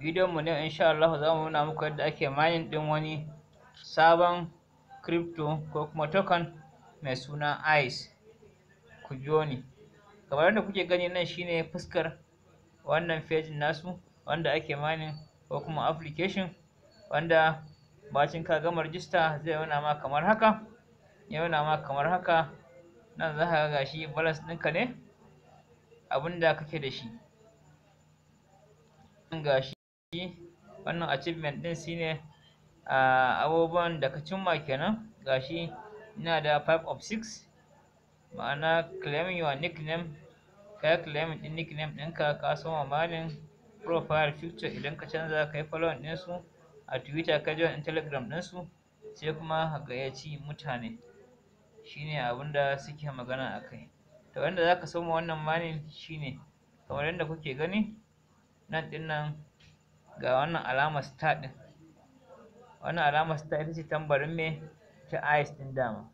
bidiyon mu ne insha Allah za mu nuna muku yadda ake mining din wani sabon crypto ko kuma token mai suna ICE ku biyo ni kamar yadda kuke gani nan shine fuskar wannan page nasu wanda ake mining ko kuma application wanda bacin ka gama register zai nuna ma kamar haka ya nuna ma kamar haka nan za ka ga shi balance ɗinka ne abinda kake da shi shi wannan achievement din shine uh, abubuwan da ka cimma kenan gashi ina da 5 of 6 ma'ana claiming your nickname kai claim din nickname ɗinka ka soma malin profile picture idan ka canza ka yi following ɗinsu a twitter ka join in telegram ɗinsu sai kuma gayyaci mutane shine abinda suke magana a kai to yanda za ka soma wannan malin shine kamar yadda kuke gani nan ɗin nan ga wannan alamar star ɗin wannan alamar star ita ce tambarin me ta ice ɗin dama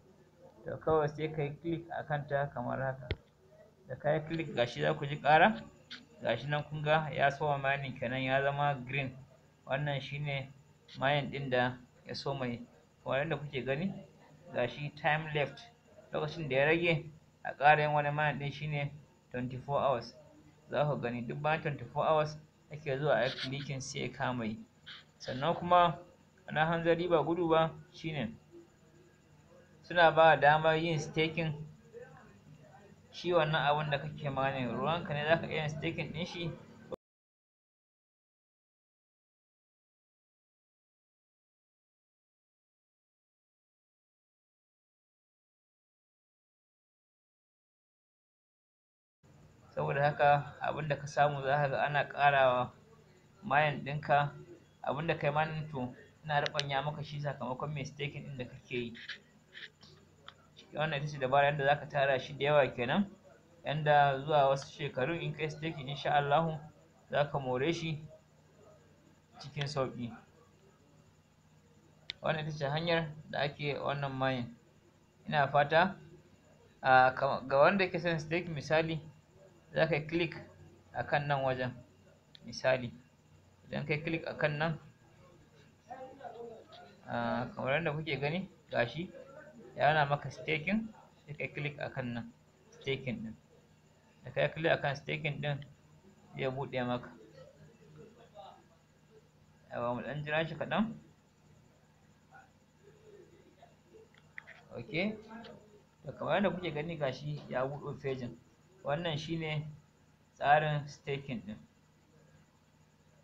to kawai sai kai click a kanta kamar haka da kai click gashi za ku ji ƙara gashi nan kun ga ya soma mining kenan ya zama green wannan shine mining ɗin da ya soma yi kamar yadda kuke gani gashi time left lokacin da ya rage a ƙara yin wani mining ɗin shine 24 hours za ku gani duk bayan 24 hours ake zuwa ayi clicking sai ya kama yi sannan kuma na hanzari ba gudu ba shine suna ba damar yin staking shi wannan abin da kake ruwan ruwanka ne zaka iya yin staking ɗin shi saboda haka abinda ka samu za ka ga ana ƙarawa mayan ɗinka abinda kai ma to ina ruɓanya maka shi sakamakon mistakin ɗin da kake yi wannan ita ce dabara yadda za ka tara shi da yawa kenan yanda zuwa wasu shekaru in kai staking insha Allahu za ka more shi cikin sauƙi wannan ita ce hanyar da ake wannan mayan ina fata ah, ga wanda ke son staking misali za ka yi click a kan nan wajen misali idan ka yi click a kan nan kamar yadda kuke gani gashi ya yana maka staking sai ka yi click a kan nan staking ɗin da ka yi click a kan staking ɗin zai buɗe maka yawa mu ɗan jira shi kaɗan ok da kamar yadda kuke gani gashi ya buɗe fejin wannan shine tsarin staking ɗin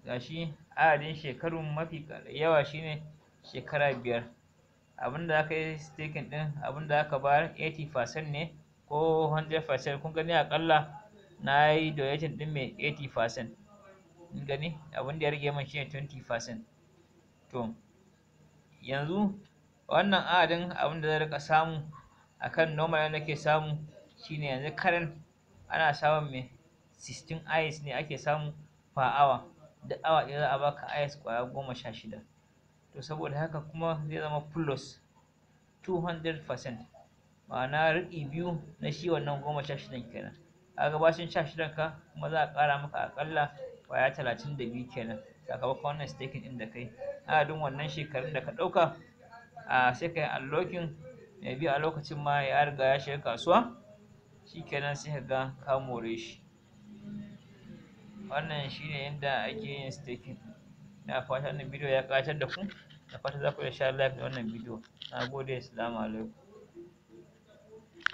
gashi adadin shekarun mafi yawa shine shekara biyar abinda aka yi staking ɗin abinda aka bayar 80% ne ko 100% kun gani akalla na yi donating ɗin mai 80% kun gani abinda ya rage min shine 20% to yanzu wannan adadin abinda zan rika samu akan normal da nake samu shine yanzu current ana samun me 16 ayis ne ake samu per hour duk awa ɗaya za a baka ayis ƙwaya goma sha shida to saboda haka kuma zai zama plus 200% ma'ana riƙi biyu na shi wannan goma sha shidan kenan a gabashin sha shidan ka kuma za a ƙara maka aƙalla ƙwaya talatin da biyu kenan sakamakon wannan staking ɗin da kai adadin wannan shekarun da ka ɗauka a sai ka yi unlocking biya a lokacin ma ya riga ya shiga kasuwa shikenan sai kaga ga ka more shi wannan shine yanda ake yin staking ina fatan wannan bidiyo ya ƙayatar da ku da fatan za ku iya sha like da wannan bidiyo na gode salamu alaikum